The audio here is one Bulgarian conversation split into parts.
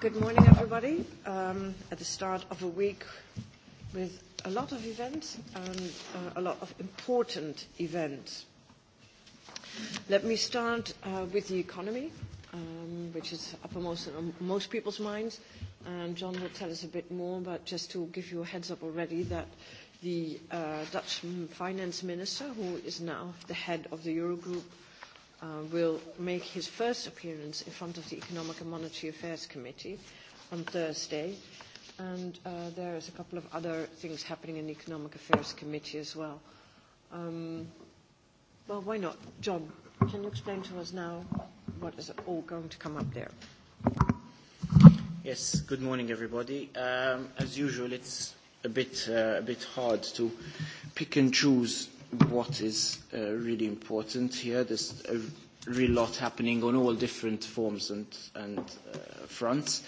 Good morning, everybody. Um, at the start of a week with a lot of events and uh, a lot of important events. Let me start uh, with the economy, um, which is uppermost in most people's minds. And John will tell us a bit more, but just to give you a heads up already that the uh, Dutch finance minister, who is now the head of the Eurogroup, will make his first appearance in front of the Economic and Monetary Affairs Committee on Thursday. And uh, there is a couple of other things happening in the Economic Affairs Committee as well. Um, well, why not? John, can you explain to us now what is all going to come up there? Yes, good morning, everybody. Um, as usual, it's a bit, uh, a bit hard to pick and choose what is uh, really important here. There's a real lot happening on all different forms and, and uh, fronts.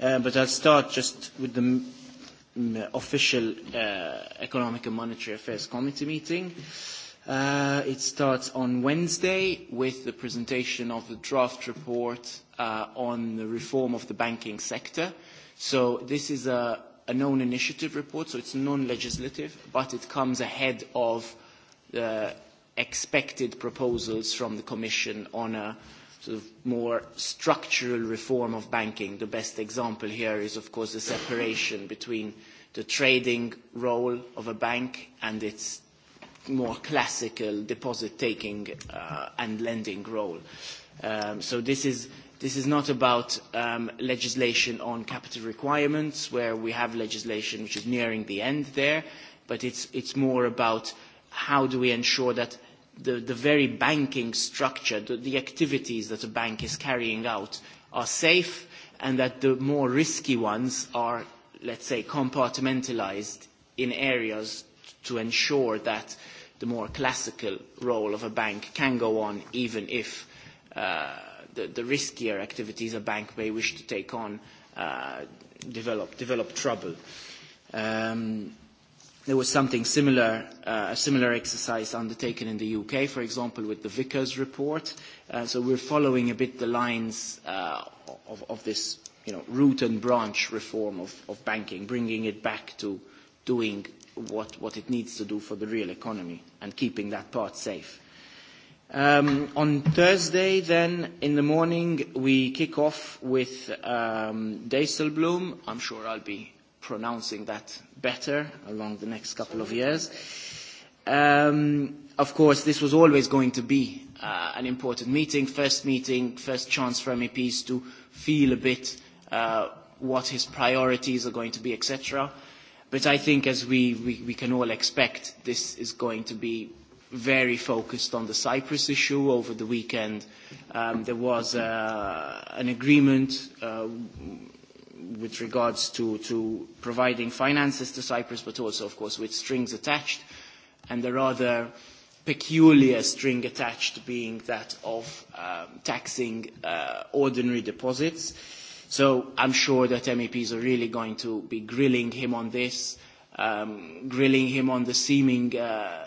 Uh, but I'll start just with the official uh, Economic and Monetary Affairs Committee meeting. Uh, it starts on Wednesday with the presentation of the draft report uh, on the reform of the banking sector. So this is a, a known initiative report, so it's non-legislative, but it comes ahead of expected proposals from the Commission on a sort of more structural reform of banking. The best example here is, of course, the separation between the trading role of a bank and its more classical deposit-taking and lending role. So this is This is not about legislation on capital requirements, where we have legislation which is nearing the end there, but it's more about how do we ensure that the, the very banking structure, the, the activities that a bank is carrying out are safe and that the more risky ones are, let's say, compartmentalized in areas to ensure that the more classical role of a bank can go on even if uh, the, the riskier activities a bank may wish to take on uh, develop, develop trouble. Um, There was something similar, uh, a similar exercise undertaken in the UK, for example, with the Vickers report. Uh, so we're following a bit the lines uh, of, of this you know, root and branch reform of, of banking, bringing it back to doing what, what it needs to do for the real economy and keeping that part safe. Um, on Thursday, then, in the morning, we kick off with um, Dijsselbloem. I'm sure I'll be pronouncing that better along the next couple of years. Um, of course, this was always going to be uh, an important meeting, first meeting, first chance for MEPs to feel a bit uh, what his priorities are going to be, etc. But I think, as we, we, we can all expect, this is going to be very focused on the Cyprus issue over the weekend. Um, there was uh, an agreement uh, with regards to, to providing finances to Cyprus, but also, of course, with strings attached, and the rather peculiar string attached being that of um, taxing uh, ordinary deposits. So I'm sure that MEPs are really going to be grilling him on this, um, grilling him on the seeming uh,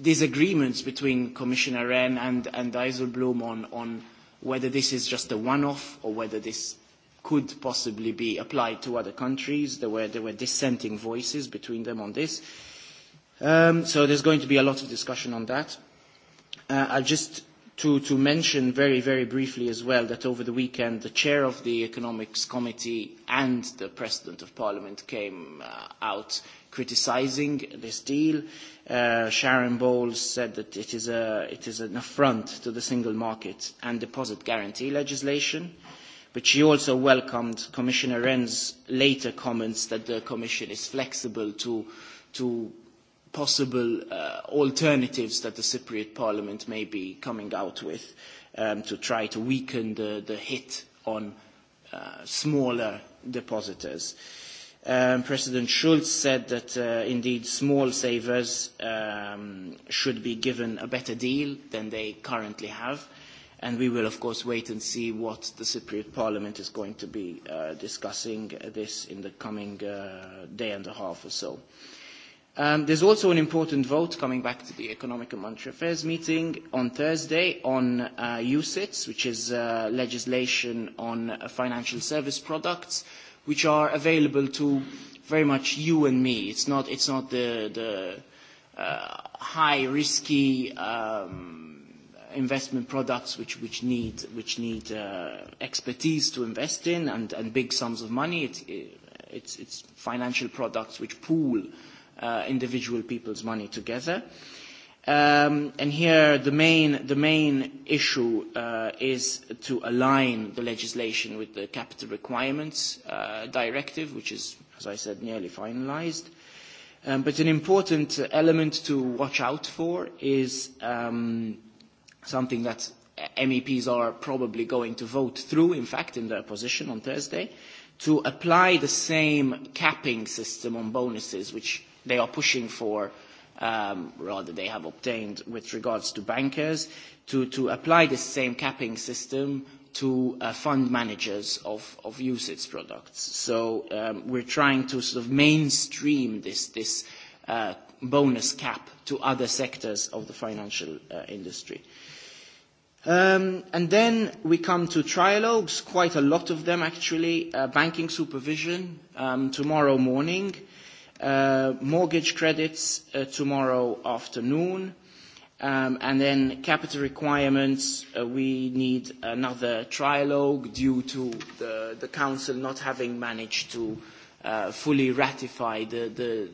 disagreements between Commissioner Rehn and, and Dijsselbloem on, on whether this is just a one-off or whether this could possibly be applied to other countries. There were, there were dissenting voices between them on this. Um, so there's going to be a lot of discussion on that. Uh, I'll just to, to mention very, very briefly as well that over the weekend the chair of the Economics Committee and the President of Parliament came uh, out criticising this deal. Uh, Sharon Bowles said that it is, a, it is an affront to the single market and deposit guarantee legislation but she also welcomed Commissioner Rehn's later comments that the Commission is flexible to, to possible uh, alternatives that the Cypriot Parliament may be coming out with um, to try to weaken the, the hit on uh, smaller depositors. Um, President Schulz said that uh, indeed small savers um, should be given a better deal than they currently have and we will of course wait and see what the Cypriot Parliament is going to be uh, discussing this in the coming uh, day and a half or so. Um, there's also an important vote coming back to the Economic and Monetary Affairs meeting on Thursday on uh, USITS, which is uh, legislation on uh, financial service products, which are available to very much you and me. It's not, it's not the, the uh, high risky um, investment products which, which need, which need uh, expertise to invest in and, and big sums of money. It, it's, it's financial products which pool uh, individual people's money together. Um, and here the main, the main issue uh, is to align the legislation with the Capital Requirements uh, Directive, which is, as I said, nearly finalized. Um, but an important element to watch out for is um, something that MEPs are probably going to vote through, in fact, in their position on Thursday, to apply the same capping system on bonuses which they are pushing for, um, rather they have obtained with regards to bankers, to, to apply the same capping system to uh, fund managers of, of USITS products. So um, we're trying to sort of mainstream this, this uh, bonus cap to other sectors of the financial uh, industry. Um, and then we come to trialogues, quite a lot of them actually, uh, banking supervision um, tomorrow morning, uh, mortgage credits uh, tomorrow afternoon, um, and then capital requirements, uh, we need another trialogue due to the, the Council not having managed to uh, fully ratify the, the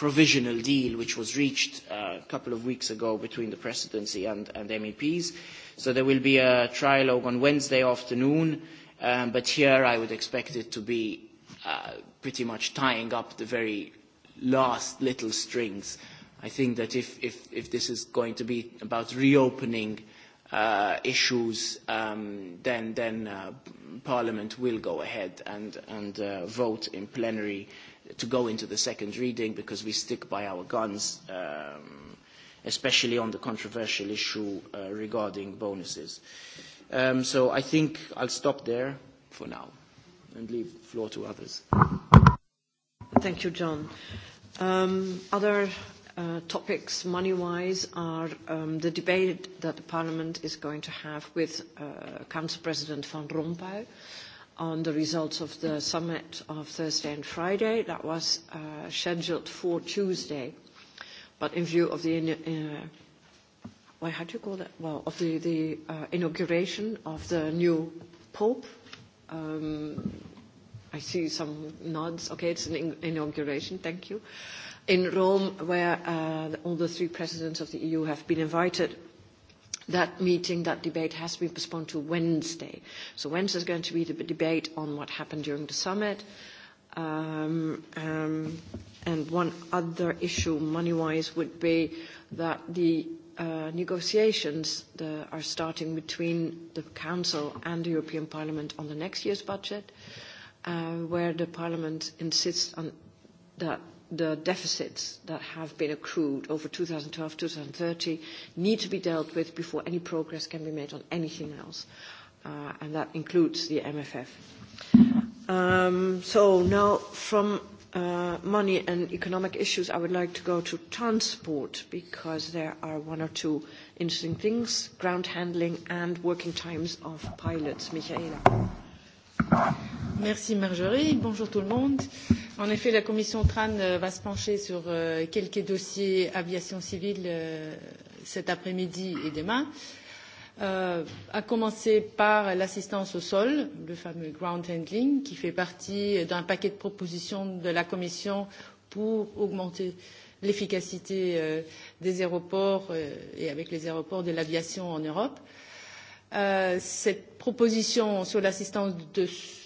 provisional deal which was reached uh a couple of weeks ago between the presidency and, and MEPs. So there will be a trilogue on Wednesday afternoon, um, but here I would expect it to be uh, pretty much tying up the very last little strings. I think that if, if, if this is going to be about reopening uh, issues, um, then, then uh, Parliament will go ahead and, and uh, vote in plenary to go into the second reading because we stick by our guns, um, especially on the controversial issue uh, regarding bonuses. Um, so I think I'll stop there for now and leave the floor to others. Thank you, John. Um, topics, money-wise, are the debate that the Parliament is going to have with Council President Van Rompuy on the results of the summit of Thursday and Friday. That was scheduled for Tuesday, but in view of the uh why how do you call that? Well, of the, the uh, inauguration of the new pope. Um, I see some nods. Okay, it's an inauguration. Thank you. Uh, in Rome, where uh, all the three presidents of the EU have been invited, that meeting, that debate has been postponed to Wednesday. So Wednesday is going to be the debate on what happened during the summit. Um, um, and one other issue, money-wise, would be that the uh, negotiations the, are starting between the Council and the European Parliament on the next year's budget, uh, where the Parliament insists on that the deficits that have been accrued over 2012, 2030 need to be dealt with before any progress can be made on anything else, uh, and that includes the MFF. Um, so now from uh, money and economic issues, I would like to go to transport because there are one or two interesting things, ground handling and working times of pilots. Michaela. Merci Marjorie. Bonjour tout le monde. En effet, la commission TRAN va se pencher sur quelques dossiers aviation civile cet après-midi et demain, à commencer par l'assistance au sol, le fameux ground handling, qui fait partie d'un paquet de propositions de la Commission pour augmenter l'efficacité des aéroports et avec les aéroports de l'aviation en Europe. Euh, cette proposition sur l'assistance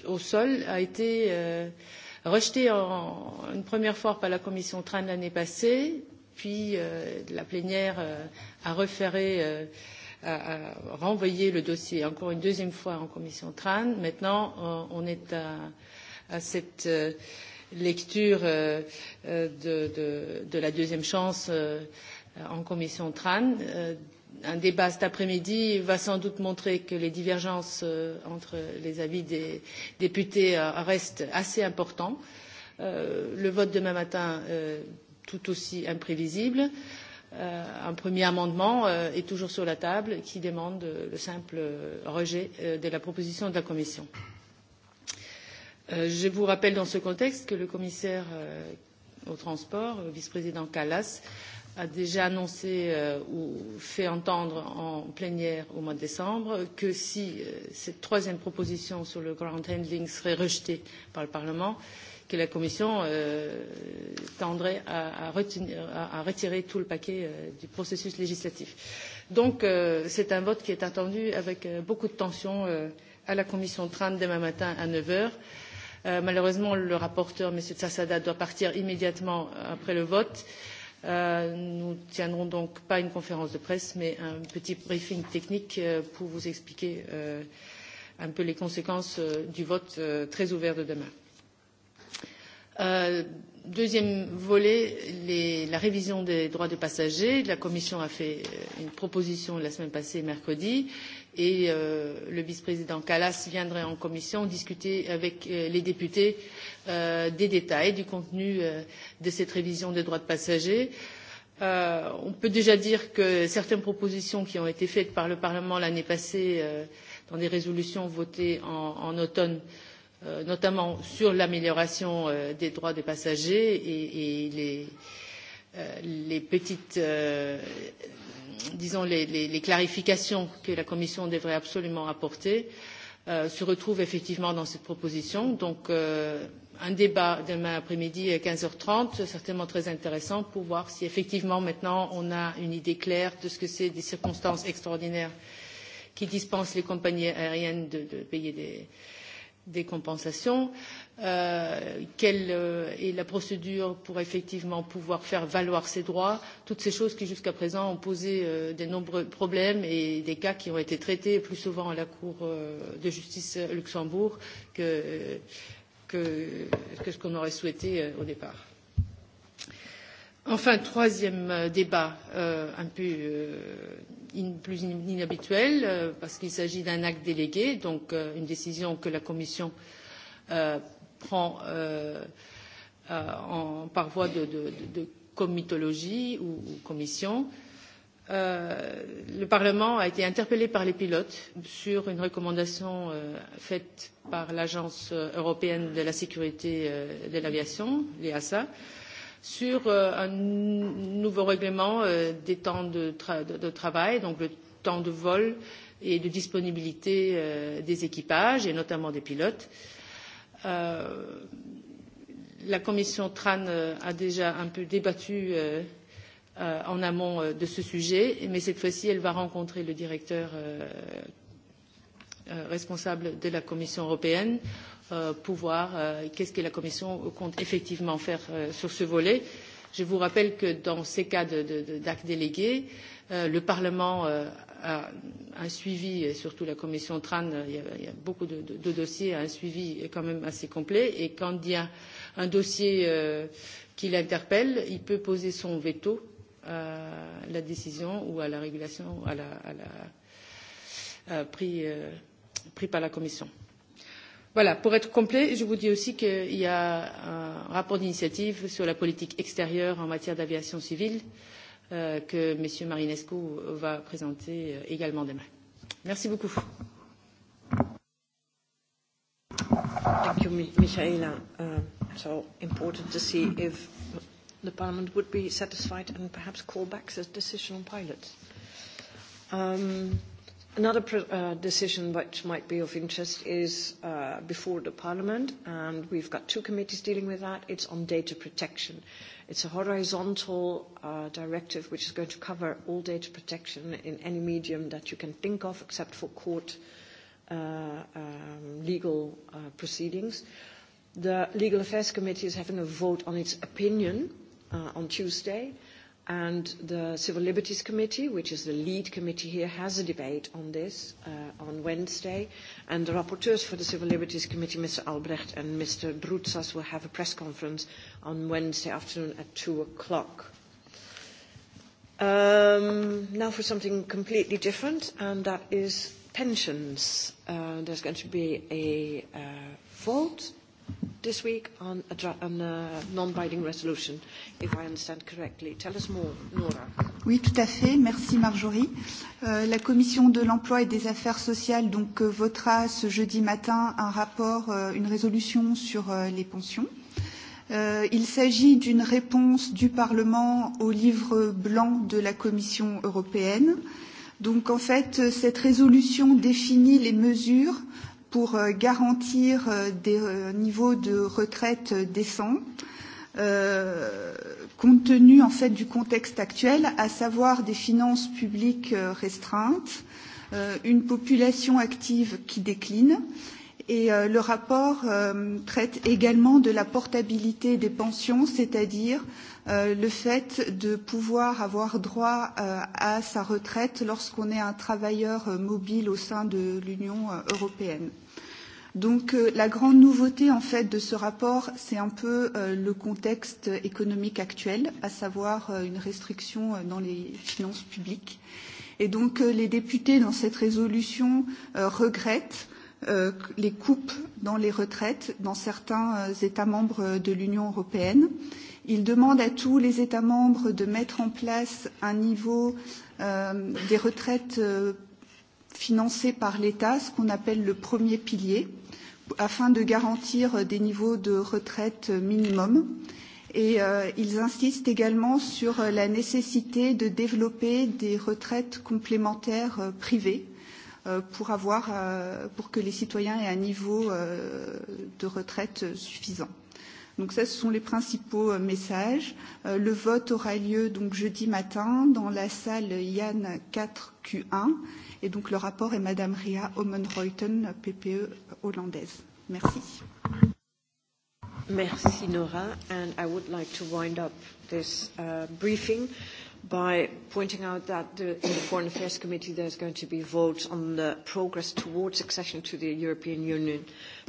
au sol a été rejetée une première fois par la commission TRAN l'année passée, puis la plénière a referré a renvoyé le dossier encore une deuxième fois en commission TRAN. Maintenant, on est à, cette lecture de, la deuxième chance en commission TRAN un débat cet après-midi va sans doute montrer que les divergences entre les avis des députés restent assez importantes. le vote demain matin tout aussi imprévisible. un premier amendement est toujours sur la table qui demande le simple rejet de la proposition de la Commission. je vous rappelle dans ce contexte que le commissaire au transport, le vice-président Kallas, a déjà annoncé euh, ou fait entendre en plénière au mois de décembre que si euh, cette troisième proposition sur le ground handling serait rejetée par le Parlement, que la Commission euh, tendrait à, à, retenir, à, à retirer tout le paquet euh, du processus législatif. Donc euh, c'est un vote qui est attendu avec euh, beaucoup de tension euh, à la Commission 30 demain matin à 9 heures. Euh, malheureusement, le rapporteur, M. Tsassada, doit partir immédiatement après le vote. Euh, Nous ne tiendrons donc pas une conférence de presse, mais un petit briefing technique pour vous expliquer un peu les conséquences du vote très ouvert de demain. Deuxième volet, la révision des droits des passagers. La Commission a fait une proposition la semaine passée, mercredi, et le vice-président Kallas viendrait en commission discuter avec les députés des détails du contenu de cette révision des droits de passagers. on peut déjà dire que certaines propositions qui ont été faites par le Parlement l'année passée dans des résolutions votées en, automne notamment sur l'amélioration des droits des passagers et, les, les petites, disons, les, les, les clarifications que la Commission devrait absolument apporter se retrouvent effectivement dans cette proposition. Donc, un débat demain après-midi à quinze heures trente, certainement très intéressant pour voir si effectivement maintenant on a une idée claire de ce que c'est des circonstances extraordinaires qui dispensent les compagnies aériennes de, payer des, des compensations quelle est la procédure pour effectivement pouvoir faire valoir ses droits, toutes ces choses qui jusqu'à présent ont posé de nombreux problèmes et des cas qui ont été traités plus souvent à la Cour de justice Luxembourg que, ce qu'on aurait souhaité au départ. Enfin, troisième débat un peu plus inhabituel, parce qu'il s'agit d'un acte délégué, donc une décision que la Commission prend par voie de, comitologie ou, commission. le Parlement a été interpellé par les pilotes sur une recommandation faite par l'Agence européenne de la sécurité de l'aviation, l'EASA, euh, sur un nouveau règlement des temps de, travail, donc le temps de vol et de disponibilité des équipages et notamment des pilotes. la commission TRAN a déjà un peu débattu en amont de ce sujet, mais cette fois-ci, elle va rencontrer le directeur responsable de la Commission européenne pouvoir, qu'est-ce que la Commission compte effectivement faire sur ce volet. Je vous rappelle que dans ces cas d'actes délégués, le Parlement a un suivi, et surtout la Commission TRAN, il y a, beaucoup de, dossiers, a un suivi quand même assez complet. Et quand il y a un dossier qui l'interpelle, il peut poser son veto à la décision ou à la régulation à la, à la, prise par la Commission Voilà, pour être complet, je vous dis aussi qu'il y a un rapport d'initiative sur la politique extérieure en matière d'aviation civile euh, que M. Marinescu va présenter également demain. Merci beaucoup. Thank you, Michaela. Uh, so important to see if the Parliament would be satisfied and perhaps call back decision on pilots. Um, Another pr- uh, decision which might be of interest is uh, before the Parliament, and we've got two committees dealing with that. It's on data protection. It's a horizontal uh, directive which is going to cover all data protection in any medium that you can think of, except for court uh, um, legal uh, proceedings. The Legal Affairs Committee is having a vote on its opinion uh, on Tuesday and the Civil Liberties Committee, which is the lead committee here, has a debate on this uh, on Wednesday. And the rapporteurs for the Civil Liberties Committee, Mr. Albrecht and Mr. Brutsas, will have a press conference on Wednesday afternoon at 2 o'clock. Um, now for something completely different, and that is pensions. Uh, there's going to be a uh, vote this week on a, dra- on a non-binding resolution, if I understand correctly. Tell us more, Nora. Oui, tout à fait. Merci, Marjorie. Euh, la Commission de l'emploi et des affaires sociales donc, votera ce jeudi matin un rapport, euh, une résolution sur euh, les pensions. Euh, il s'agit d'une réponse du Parlement au livre blanc de la Commission européenne. Donc, en fait, cette résolution définit les mesures pour garantir des niveaux de retraite décents, compte tenu en fait du contexte actuel, à savoir des finances publiques restreintes, une population active qui décline. Et le rapport traite également de la portabilité des pensions, c'est-à-dire le fait de pouvoir avoir droit à sa retraite lorsqu'on est un travailleur mobile au sein de l'Union européenne. Donc la grande nouveauté en fait de ce rapport, c'est un peu le contexte économique actuel, à savoir une restriction dans les finances publiques. Et donc les députés dans cette résolution regrettent les coupes dans les retraites dans certains États membres de l'Union européenne Il demande à tous les États membres de mettre en place un niveau euh, des retraites euh, financées par l'État, ce qu'on appelle le premier pilier, afin de garantir des niveaux de retraite minimum. Et euh, ils insistent également sur la nécessité de développer des retraites complémentaires euh, privées pour, avoir, pour que les citoyens aient un niveau de retraite suffisant. Donc ça, ce sont les principaux messages. Le vote aura lieu donc jeudi matin dans la salle Yann 4Q1. Et donc le rapport est Madame Ria Omenreuten, PPE hollandaise. Merci. Merci Nora, and I would like to wind up this uh, briefing by pointing out that the, in the Foreign Affairs Committee there's going to be votes on the progress towards accession to the European Union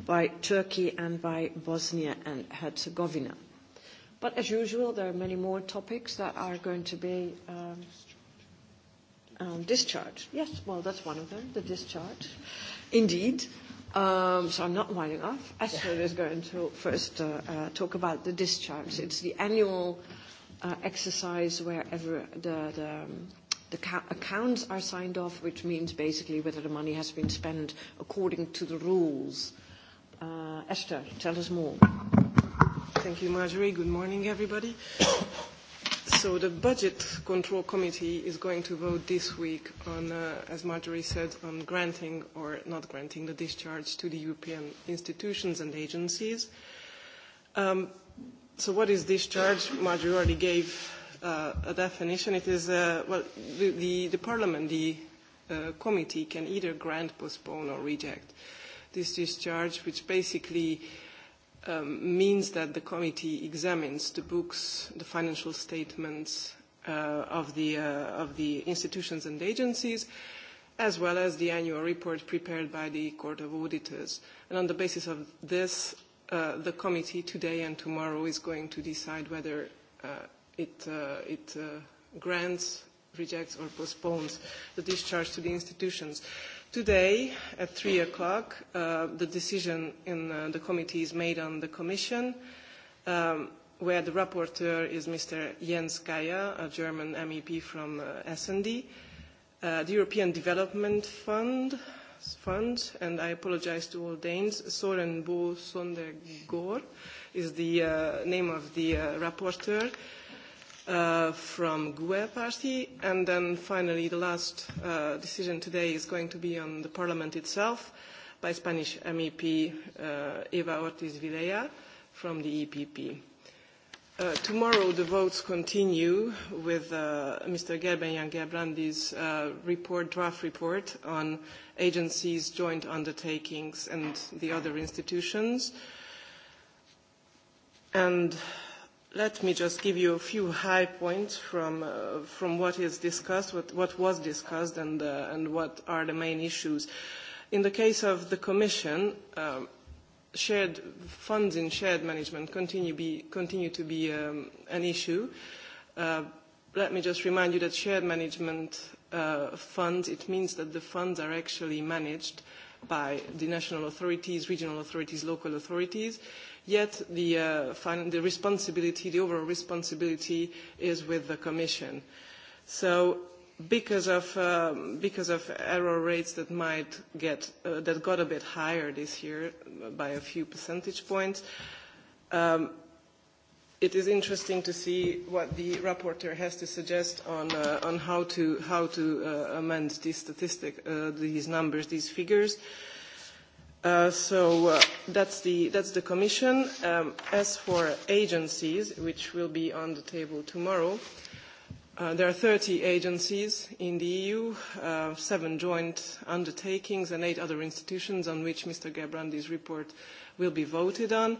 by Turkey and by Bosnia and Herzegovina. But as usual, there are many more topics that are going to be um, um, discharged. Yes, well, that's one of them, the discharge. Indeed. Um, so I'm not winding off. Esther is going to first uh, uh, talk about the discharge. It's the annual exercise wherever the, the, the accounts are signed off, which means basically whether the money has been spent according to the rules. Uh, Esther, tell us more. Thank you, Marjorie. Good morning, everybody. So the Budget Control Committee is going to vote this week on, uh, as Marjorie said, on granting or not granting the discharge to the European institutions and agencies. Um, So what is discharge? Marjorie already gave uh, a definition. It is, uh, well, the, the, the Parliament, the uh, committee can either grant, postpone or reject this discharge, which basically um, means that the committee examines the books, the financial statements uh, of, the, uh, of the institutions and agencies, as well as the annual report prepared by the Court of Auditors. And on the basis of this, uh, the committee today and tomorrow is going to decide whether uh, it, uh, it uh, grants, rejects or postpones the discharge to the institutions. Today at 3 o'clock uh, the decision in uh, the committee is made on the Commission um, where the rapporteur is Mr. Jens Kaya, a German MEP from uh, SD. Uh, the European Development Fund, Fund, and I apologize to all Danes. Soren Bo Sondergaard is the uh, name of the uh, rapporteur uh, from GUE party. And then finally, the last uh, decision today is going to be on the parliament itself by Spanish MEP uh, Eva Ortiz Vilea from the EPP tomorrow the votes continue with uh, Mr. Gerben Gerbrandy's uh, report, draft report on agencies, joint undertakings, and the other institutions. And let me just give you a few high points from, uh, from what is discussed, what, what was discussed, and, uh, and what are the main issues. In the case of the Commission, uh shared funds in shared management continue, be, continue to be um, an issue. Uh, let me just remind you that shared management uh, funds, it means that the funds are actually managed by the national authorities, regional authorities, local authorities, yet the, uh, fin- the responsibility, the overall responsibility is with the Commission. So because of uh, because of error rates that might get uh, that got a bit higher this year by a few percentage points. Um, it is interesting to see what the rapporteur has to suggest on uh, on how to how to uh, amend these statistics uh, these numbers these figures. Uh, so uh, that's the that's the commission. Um, as for agencies, which will be on the table tomorrow. Uh, There are 30 agencies in the EU, uh, seven joint undertakings and eight other institutions on which Mr. Gabrandi's report will be voted on.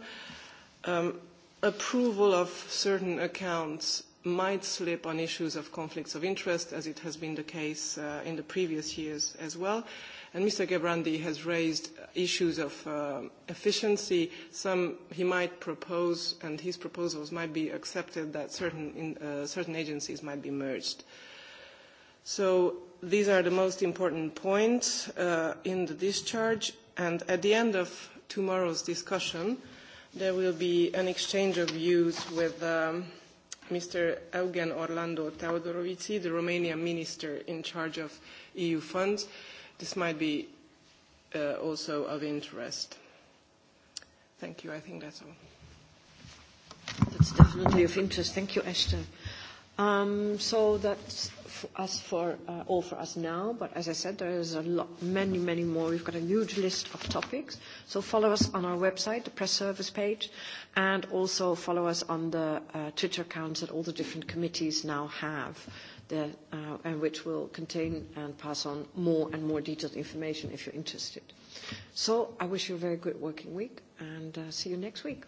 Um, approval of certain accounts might slip on issues of conflicts of interest, as it has been the case uh, in the previous years as well. And Mr. Gebrandi has raised issues of uh, efficiency. Some he might propose, and his proposals might be accepted, that certain, in, uh, certain agencies might be merged. So these are the most important points uh, in the discharge. And at the end of tomorrow's discussion, there will be an exchange of views with um, – Mr. Eugen Orlando Teodorovici, the Romanian minister in charge of EU funds. This might be uh, also of interest. Thank you. I think that's all. That's definitely of interest. Thank you, Ashton. Um, so that's f us for uh, all for us now. But as I said, there is a lot, many, many more. We've got a huge list of topics. So follow us on our website, the press service page, and also follow us on the uh, Twitter accounts that all the different committees now have, that, uh, and which will contain and pass on more and more detailed information if you're interested. So I wish you a very good working week, and uh, see you next week.